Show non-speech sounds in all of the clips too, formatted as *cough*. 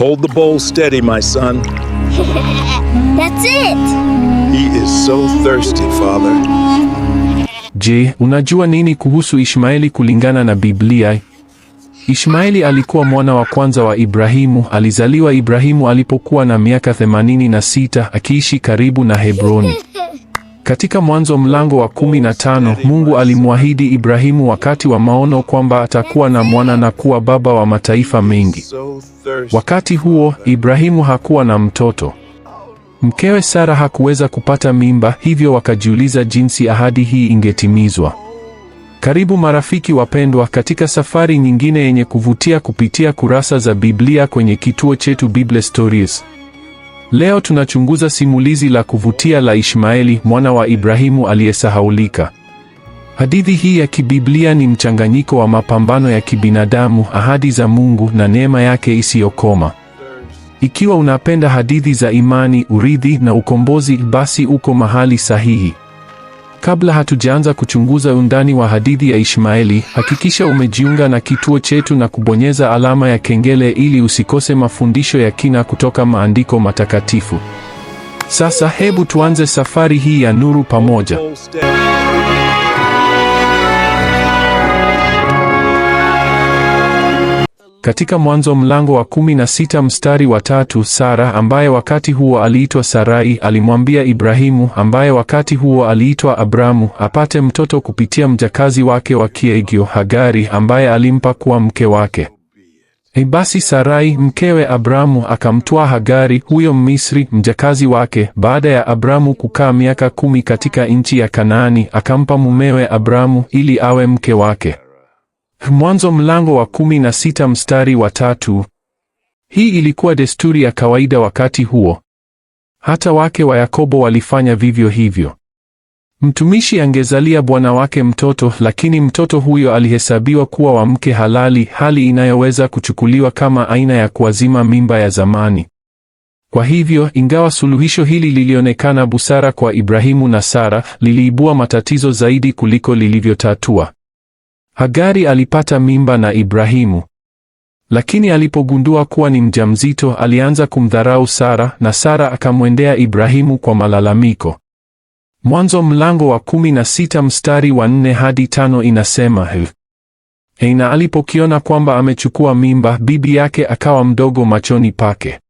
Hold the bowl steady, my son. *laughs* That's it. He is so thirsty, father. Je, unajua nini kuhusu Ishmaeli kulingana na Biblia? Ishmaeli alikuwa mwana wa kwanza wa Ibrahimu. Alizaliwa Ibrahimu alipokuwa na miaka 86 akiishi karibu na Hebroni. *laughs* Katika Mwanzo mlango wa kumi na tano, Mungu alimwahidi Ibrahimu wakati wa maono kwamba atakuwa na mwana na kuwa baba wa mataifa mengi. Wakati huo, Ibrahimu hakuwa na mtoto. Mkewe Sara hakuweza kupata mimba, hivyo wakajiuliza jinsi ahadi hii ingetimizwa. Karibu marafiki wapendwa, katika safari nyingine yenye kuvutia kupitia kurasa za Biblia kwenye kituo chetu Bible Stories. Leo tunachunguza simulizi la kuvutia la Ishmaeli, mwana wa Ibrahimu aliyesahaulika. Hadithi hii ya kibiblia ni mchanganyiko wa mapambano ya kibinadamu, ahadi za Mungu na neema yake isiyokoma. Ikiwa unapenda hadithi za imani, urithi na ukombozi, basi uko mahali sahihi. Kabla hatujaanza kuchunguza undani wa hadithi ya Ishmaeli, hakikisha umejiunga na kituo chetu na kubonyeza alama ya kengele ili usikose mafundisho ya kina kutoka maandiko matakatifu. Sasa hebu tuanze safari hii ya nuru pamoja. Katika Mwanzo mlango wa kumi na sita mstari wa tatu, Sara ambaye wakati huo aliitwa Sarai alimwambia Ibrahimu ambaye wakati huo aliitwa Abramu apate mtoto kupitia mjakazi wake wa kiegio Hagari ambaye alimpa kuwa mke wake. E basi Sarai mkewe Abramu akamtoa Hagari huyo Mmisri mjakazi wake, baada ya Abramu kukaa miaka kumi katika nchi ya Kanaani, akampa mumewe Abramu ili awe mke wake. Mwanzo mlango wa kumi na sita mstari wa tatu. Hii ilikuwa desturi ya kawaida wakati huo. Hata wake wa Yakobo walifanya vivyo hivyo. Mtumishi angezalia bwana wake mtoto, lakini mtoto huyo alihesabiwa kuwa wa mke halali, hali inayoweza kuchukuliwa kama aina ya kuazima mimba ya zamani. Kwa hivyo, ingawa suluhisho hili lilionekana busara kwa Ibrahimu na Sara, liliibua matatizo zaidi kuliko lilivyotatua. Hagari alipata mimba na Ibrahimu. Lakini alipogundua kuwa ni mjamzito, alianza kumdharau Sara na Sara akamwendea Ibrahimu kwa malalamiko. Mwanzo mlango wa kumi na sita mstari wa nne hadi tano inasema hivi. Eina alipokiona kwamba amechukua mimba, bibi yake akawa mdogo machoni pake.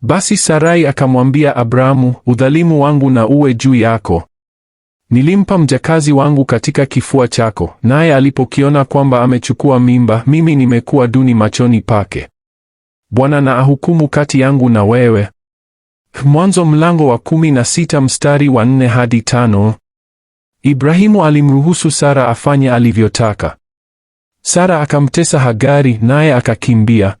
Basi Sarai akamwambia abrahamu udhalimu wangu na uwe juu yako, Nilimpa mjakazi wangu katika kifua chako, naye alipokiona kwamba amechukua mimba, mimi nimekuwa duni machoni pake. Bwana na ahukumu kati yangu na wewe. Mwanzo mlango wa kumi na sita mstari wa nne hadi tano. Ibrahimu alimruhusu Sara afanye alivyotaka. Sara akamtesa Hagari naye akakimbia.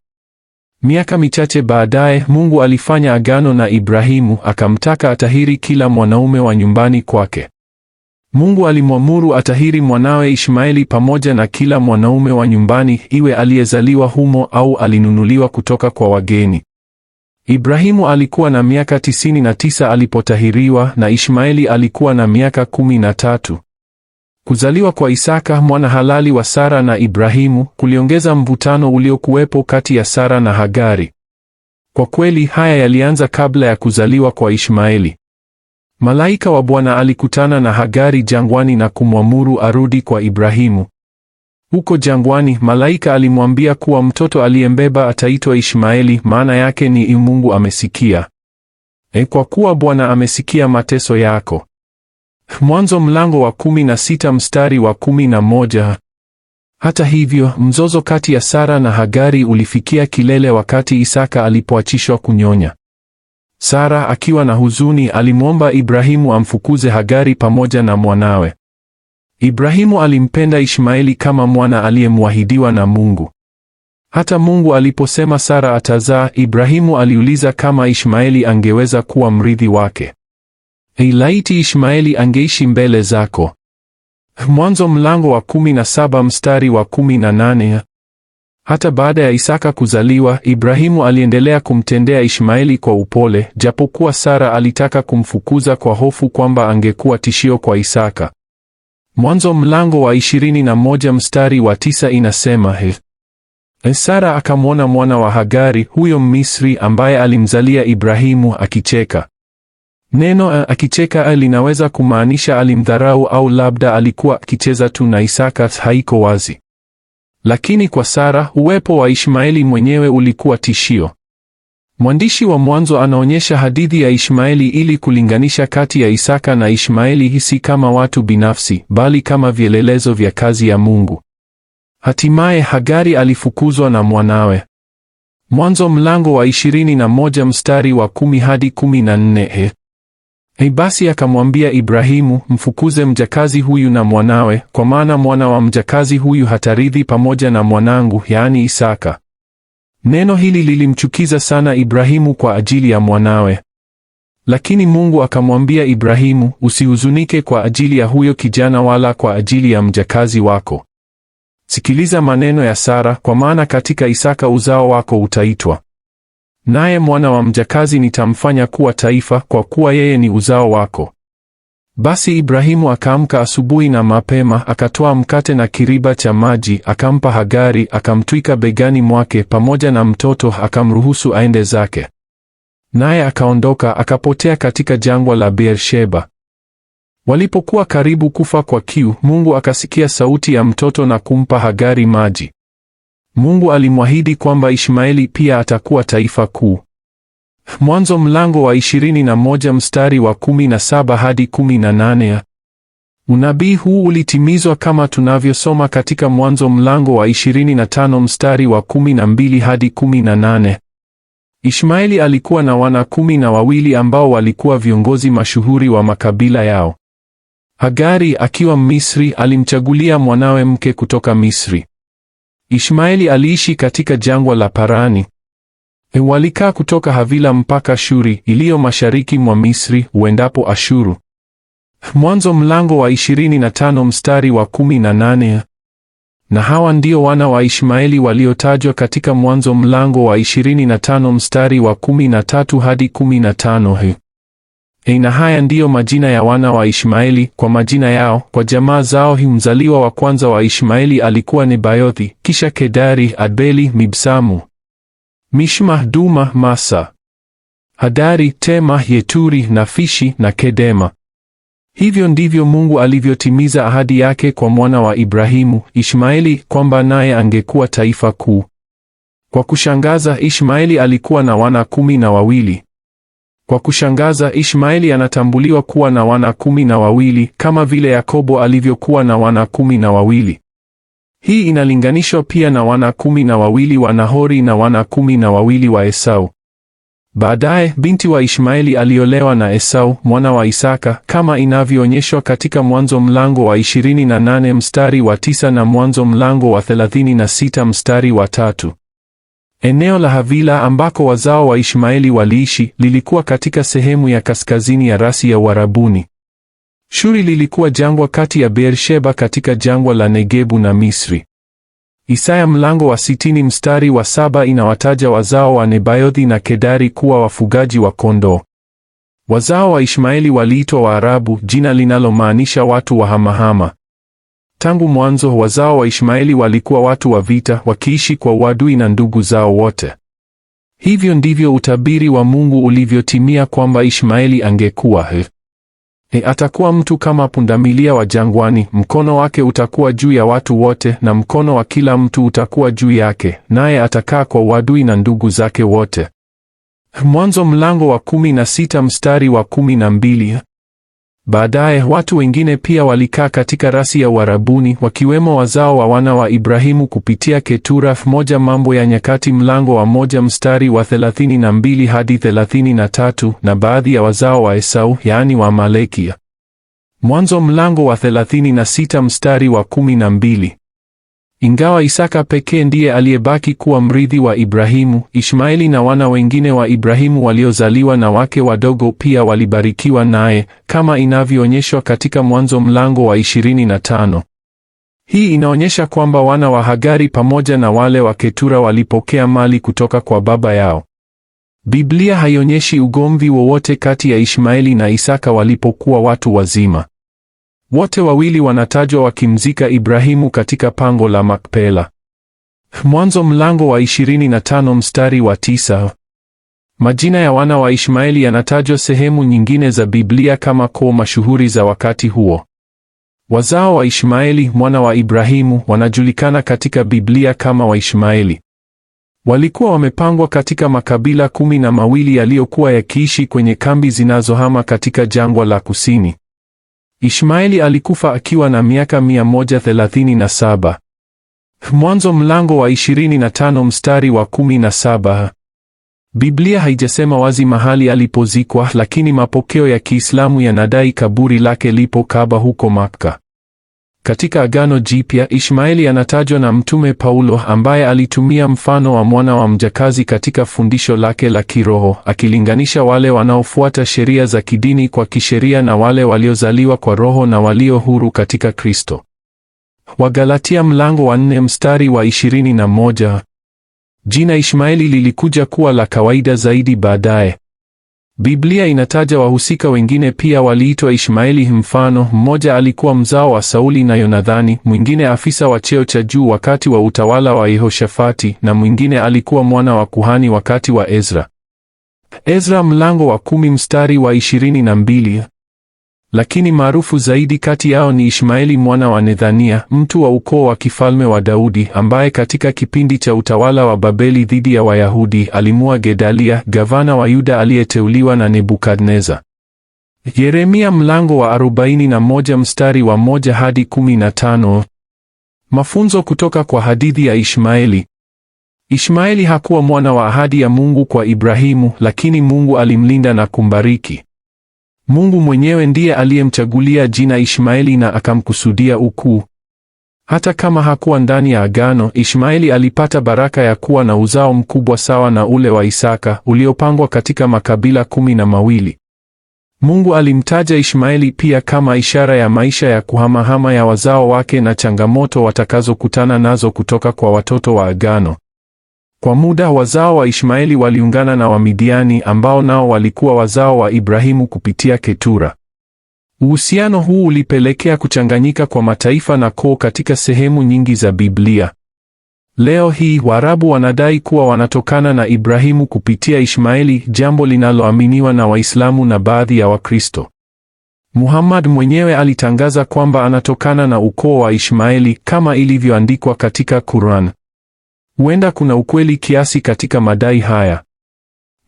Miaka michache baadaye Mungu alifanya agano na Ibrahimu akamtaka atahiri kila mwanaume wa nyumbani kwake. Mungu alimwamuru atahiri mwanawe Ishmaeli pamoja na kila mwanaume wa nyumbani, iwe aliyezaliwa humo au alinunuliwa kutoka kwa wageni. Ibrahimu alikuwa na miaka 99 alipotahiriwa na Ishmaeli alikuwa na miaka 13. Kuzaliwa kwa Isaka mwana halali wa Sara na Ibrahimu kuliongeza mvutano uliokuwepo kati ya Sara na Hagari. Kwa kweli haya yalianza kabla ya kuzaliwa kwa Ishmaeli. Malaika wa Bwana alikutana na Hagari jangwani na kumwamuru arudi kwa Ibrahimu. Huko jangwani, malaika alimwambia kuwa mtoto aliyembeba ataitwa Ishmaeli, maana yake ni Mungu amesikia. E, kwa kuwa Bwana amesikia mateso yako. Mwanzo mlango wa kumi na sita mstari wa kumi na moja. Hata hivyo, mzozo kati ya Sara na Hagari ulifikia kilele wakati Isaka alipoachishwa kunyonya. Sara akiwa na huzuni alimwomba Ibrahimu amfukuze Hagari pamoja na mwanawe. Ibrahimu alimpenda Ishmaeli kama mwana aliyemwahidiwa na Mungu. Hata Mungu aliposema Sara atazaa, Ibrahimu aliuliza kama Ishmaeli angeweza kuwa mrithi wake. Ilaiti Ishmaeli angeishi mbele zako. Mwanzo mlango wa 17 mstari wa hata baada ya Isaka kuzaliwa, Ibrahimu aliendelea kumtendea Ishmaeli kwa upole, japokuwa Sara alitaka kumfukuza kwa hofu kwamba angekuwa tishio kwa Isaka. Mwanzo mlango wa 21 mstari wa 9 inasema hivi: e, Sara akamwona mwana wa Hagari huyo Misri ambaye alimzalia Ibrahimu akicheka. Neno e, akicheka e, linaweza kumaanisha alimdharau au labda alikuwa akicheza tu na Isaka, haiko wazi. Lakini kwa Sara, uwepo wa Ishmaeli mwenyewe ulikuwa tishio. Mwandishi wa Mwanzo anaonyesha hadithi ya Ishmaeli ili kulinganisha kati ya Isaka na Ishmaeli si kama watu binafsi, bali kama vielelezo vya kazi ya Mungu. Hatimaye Hagari alifukuzwa na mwanawe. Mwanzo mlango wa 21 mstari wa 10 hadi 14. Hei, basi akamwambia Ibrahimu, mfukuze mjakazi huyu na mwanawe, kwa maana mwana wa mjakazi huyu hatarithi pamoja na mwanangu, yaani Isaka. Neno hili lilimchukiza sana Ibrahimu kwa ajili ya mwanawe. Lakini Mungu akamwambia Ibrahimu, usihuzunike kwa ajili ya huyo kijana wala kwa ajili ya mjakazi wako. Sikiliza maneno ya Sara, kwa maana katika Isaka uzao wako utaitwa naye mwana wa mjakazi nitamfanya kuwa taifa, kwa kuwa yeye ni uzao wako. Basi Ibrahimu akaamka asubuhi na mapema, akatoa mkate na kiriba cha maji, akampa Hagari, akamtwika begani mwake pamoja na mtoto, akamruhusu aende zake. Naye akaondoka akapotea katika jangwa la Beersheba. Walipokuwa karibu kufa kwa kiu, Mungu akasikia sauti ya mtoto na kumpa Hagari maji. Mungu alimwahidi kwamba Ishmaeli pia atakuwa taifa kuu. Mwanzo mlango wa 21 mstari wa 17 hadi 18. Unabii huu ulitimizwa kama tunavyosoma katika Mwanzo mlango wa 25 mstari wa 12 hadi 18. Ishmaeli alikuwa na wana kumi na wawili ambao walikuwa viongozi mashuhuri wa makabila yao. Hagari akiwa Misri alimchagulia mwanawe mke kutoka Misri. Ishmaeli aliishi katika jangwa la Parani. E, walikaa kutoka Havila mpaka Shuri iliyo mashariki mwa Misri uendapo Ashuru. Mwanzo mlango wa 25 mstari wa 18. Na hawa ndio wana wa Ishmaeli waliotajwa katika Mwanzo mlango wa 25 mstari wa 13 hadi 15. Na haya ndiyo majina ya wana wa Ishmaeli kwa majina yao kwa jamaa zao. Mzaliwa wa kwanza wa Ishmaeli alikuwa Nebayothi, kisha Kedari, Adbeli, Mibsamu, Mishma, Duma, Masa, Hadari, Tema, Yeturi, Nafishi na Kedema. Hivyo ndivyo Mungu alivyotimiza ahadi yake kwa mwana wa Ibrahimu, Ishmaeli, kwamba naye angekuwa taifa kuu. Kwa kushangaza, Ishmaeli alikuwa na wana kumi na wawili. Kwa kushangaza, Ishmaeli anatambuliwa kuwa na wana kumi na wawili kama vile Yakobo alivyokuwa na wana kumi na wawili. Hii inalinganishwa pia na wana kumi na wawili wa Nahori na wana kumi na wawili wa Esau. Baadaye binti wa Ishmaeli aliolewa na Esau mwana wa Isaka kama inavyoonyeshwa katika Mwanzo mlango wa 28 mstari wa 9 na Mwanzo mlango wa 36 mstari wa tatu. Eneo la Havila ambako wazao wa Ishmaeli waliishi lilikuwa katika sehemu ya kaskazini ya rasi ya Uarabuni. Shuri lilikuwa jangwa kati ya Beersheba katika jangwa la Negebu na Misri. Isaya mlango wa sitini mstari wa saba inawataja wazao wa Nebayothi na Kedari kuwa wafugaji wa kondoo. Wazao wa Ishmaeli waliitwa Waarabu, jina linalomaanisha watu wa hamahama. Tangu mwanzo wazao wa Ishmaeli walikuwa watu wa vita, wakiishi kwa uadui na ndugu zao wote. Hivyo ndivyo utabiri wa Mungu ulivyotimia kwamba Ishmaeli angekuwa he. He, atakuwa mtu kama pundamilia wa jangwani, mkono wake utakuwa juu ya watu wote, na mkono wa kila mtu utakuwa juu yake, naye atakaa kwa uadui na ndugu zake wote. Mwanzo mlango wa kumi na sita mstari wa kumi na mbili. Baadaye watu wengine pia walikaa katika rasi ya Uarabuni, wakiwemo wazao wa wana wa Ibrahimu kupitia Ketura. Moja Mambo ya Nyakati mlango wa moja mstari wa 32 hadi 33, na baadhi ya wazao wa Esau, yaani Malekia. Mwanzo mlango wa 36 mstari wa 12. Ingawa Isaka pekee ndiye aliyebaki kuwa mrithi wa Ibrahimu, Ishmaeli na wana wengine wa Ibrahimu waliozaliwa na wake wadogo pia walibarikiwa naye, kama inavyoonyeshwa katika Mwanzo mlango wa 25. Hii inaonyesha kwamba wana wa Hagari pamoja na wale wa Ketura walipokea mali kutoka kwa baba yao. Biblia haionyeshi ugomvi wowote kati ya Ishmaeli na Isaka walipokuwa watu wazima. Wote wawili wanatajwa wakimzika Ibrahimu katika pango la Makpela. Mwanzo mlango wa 25 mstari wa 9. Majina ya wana wa Ishmaeli yanatajwa sehemu nyingine za Biblia kama koo mashuhuri za wakati huo. Wazao wa Ishmaeli mwana wa Ibrahimu wanajulikana katika Biblia kama Waishmaeli. Walikuwa wamepangwa katika makabila kumi na mawili yaliyokuwa yakiishi kwenye kambi zinazohama katika jangwa la kusini. Ishmaeli alikufa akiwa na miaka 137. Mwanzo mlango wa 25 mstari wa 17. Biblia haijasema wazi mahali alipozikwa, lakini mapokeo ya Kiislamu yanadai kaburi lake lipo Kaaba huko Makka. Katika Agano Jipya, Ishmaeli anatajwa na Mtume Paulo ambaye alitumia mfano wa mwana wa mjakazi katika fundisho lake la kiroho, akilinganisha wale wanaofuata sheria za kidini kwa kisheria na wale waliozaliwa kwa roho na walio huru katika Kristo. Wagalatia mlango wa nne mstari wa ishirini na moja. Jina Ishmaeli lilikuja kuwa la kawaida zaidi baadaye. Biblia inataja wahusika wengine pia waliitwa Ishmaeli. Mfano, mmoja alikuwa mzao wa Sauli na yonadhani mwingine afisa wa cheo cha juu wakati wa utawala wa Yehoshafati, na mwingine alikuwa mwana wa kuhani wakati wa Ezra. Ezra mlango wa kumi mstari wa ishirini na mbili. Lakini maarufu zaidi kati yao ni Ishmaeli mwana wa Nethania, mtu wa ukoo wa kifalme wa Daudi, ambaye katika kipindi cha utawala wa Babeli dhidi ya Wayahudi alimua Gedalia, gavana wa Yuda aliyeteuliwa na Nebukadneza. Yeremia mlango wa 41 mstari wa moja hadi 15. Mafunzo kutoka kwa hadithi ya Ishmaeli. Ishmaeli hakuwa mwana wa ahadi ya Mungu kwa Ibrahimu, lakini Mungu alimlinda na kumbariki. Mungu mwenyewe ndiye aliyemchagulia jina Ishmaeli na akamkusudia ukuu. Hata kama hakuwa ndani ya agano, Ishmaeli alipata baraka ya kuwa na uzao mkubwa sawa na ule wa Isaka uliopangwa katika makabila kumi na mawili. Mungu alimtaja Ishmaeli pia kama ishara ya maisha ya kuhamahama ya wazao wake na changamoto watakazokutana nazo kutoka kwa watoto wa agano. Kwa muda wazao wa Ishmaeli waliungana na Wamidiani ambao nao walikuwa wazao wa Ibrahimu kupitia Ketura. Uhusiano huu ulipelekea kuchanganyika kwa mataifa na koo katika sehemu nyingi za Biblia. Leo hii Waarabu wanadai kuwa wanatokana na Ibrahimu kupitia Ishmaeli, jambo linaloaminiwa na Waislamu na baadhi ya Wakristo. Muhammad mwenyewe alitangaza kwamba anatokana na ukoo wa Ishmaeli kama ilivyoandikwa katika Quran. Huenda kuna ukweli kiasi katika madai haya.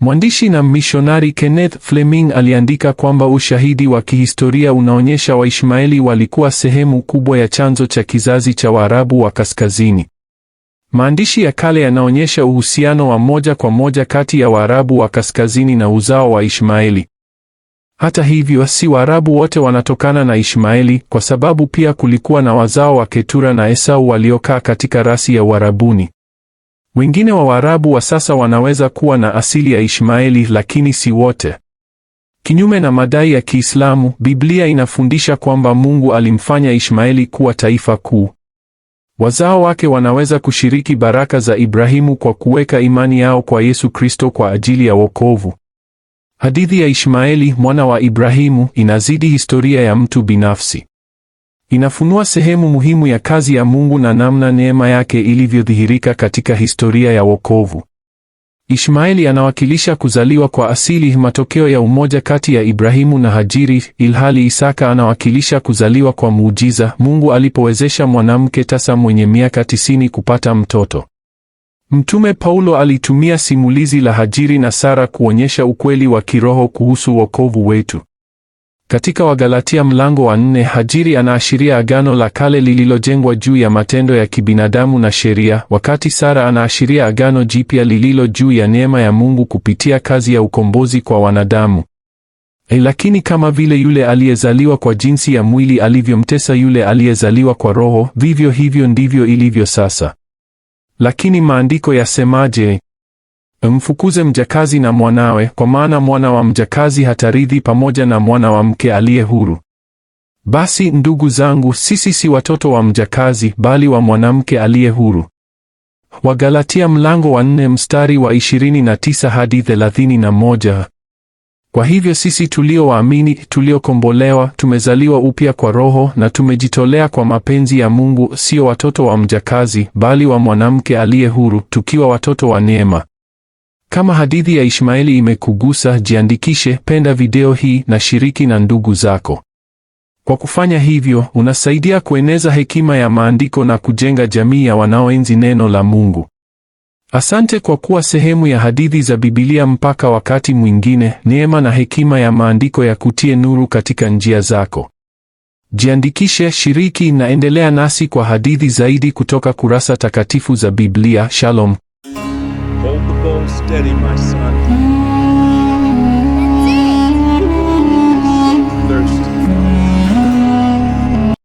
Mwandishi na mishonari Kenneth Fleming aliandika kwamba ushahidi wa kihistoria unaonyesha Waishmaeli walikuwa sehemu kubwa ya chanzo cha kizazi cha Waarabu wa kaskazini. Maandishi ya kale yanaonyesha uhusiano wa moja kwa moja kati ya Waarabu wa kaskazini na uzao wa Ishmaeli. Hata hivyo, si Waarabu wote wanatokana na Ishmaeli, kwa sababu pia kulikuwa na wazao wa Ketura na Esau waliokaa katika rasi ya Uarabuni. Wengine wa Waarabu wa sasa wanaweza kuwa na asili ya Ishmaeli lakini si wote. Kinyume na madai ya Kiislamu, Biblia inafundisha kwamba Mungu alimfanya Ishmaeli kuwa taifa kuu. Wazao wake wanaweza kushiriki baraka za Ibrahimu kwa kuweka imani yao kwa Yesu Kristo kwa ajili ya wokovu. Hadithi ya Ishmaeli, mwana wa Ibrahimu, inazidi historia ya mtu binafsi. Inafunua sehemu muhimu ya kazi ya Mungu na namna neema yake ilivyodhihirika katika historia ya wokovu. Ishmaeli anawakilisha kuzaliwa kwa asili, matokeo ya umoja kati ya Ibrahimu na Hajiri, ilhali Isaka anawakilisha kuzaliwa kwa muujiza, Mungu alipowezesha mwanamke tasa mwenye miaka tisini kupata mtoto. Mtume Paulo alitumia simulizi la Hajiri na Sara kuonyesha ukweli wa kiroho kuhusu wokovu wetu. Katika Wagalatia mlango wa nne, Hajiri anaashiria agano la kale lililojengwa juu ya matendo ya kibinadamu na sheria, wakati Sara anaashiria agano jipya lililo juu ya neema ya Mungu kupitia kazi ya ukombozi kwa wanadamu. E, lakini kama vile yule aliyezaliwa kwa jinsi ya mwili alivyomtesa yule aliyezaliwa kwa Roho, vivyo hivyo ndivyo ilivyo sasa. Lakini maandiko yasemaje? Mfukuze mjakazi na mwanawe, kwa maana mwana wa mjakazi hatarithi pamoja na mwana wa mke aliye huru. Basi ndugu zangu, sisi si watoto wa mjakazi, bali wa mwanamke aliye huru. Wagalatia mlango wa nne mstari wa 29 hadi 31. Kwa hivyo sisi tuliowaamini, tuliokombolewa, tumezaliwa upya kwa Roho na tumejitolea kwa mapenzi ya Mungu, sio watoto wa mjakazi, bali wa mwanamke aliye huru, tukiwa watoto wa neema. Kama hadithi ya Ishmaeli imekugusa, jiandikishe, penda video hii na shiriki na ndugu zako. Kwa kufanya hivyo, unasaidia kueneza hekima ya maandiko na kujenga jamii ya wanaoenzi neno la Mungu. Asante kwa kuwa sehemu ya Hadithi za Biblia. Mpaka wakati mwingine, neema na hekima ya maandiko ya kutie nuru katika njia zako. Jiandikishe, shiriki na endelea nasi kwa hadithi zaidi kutoka kurasa takatifu za Biblia. Shalom. steady, my son.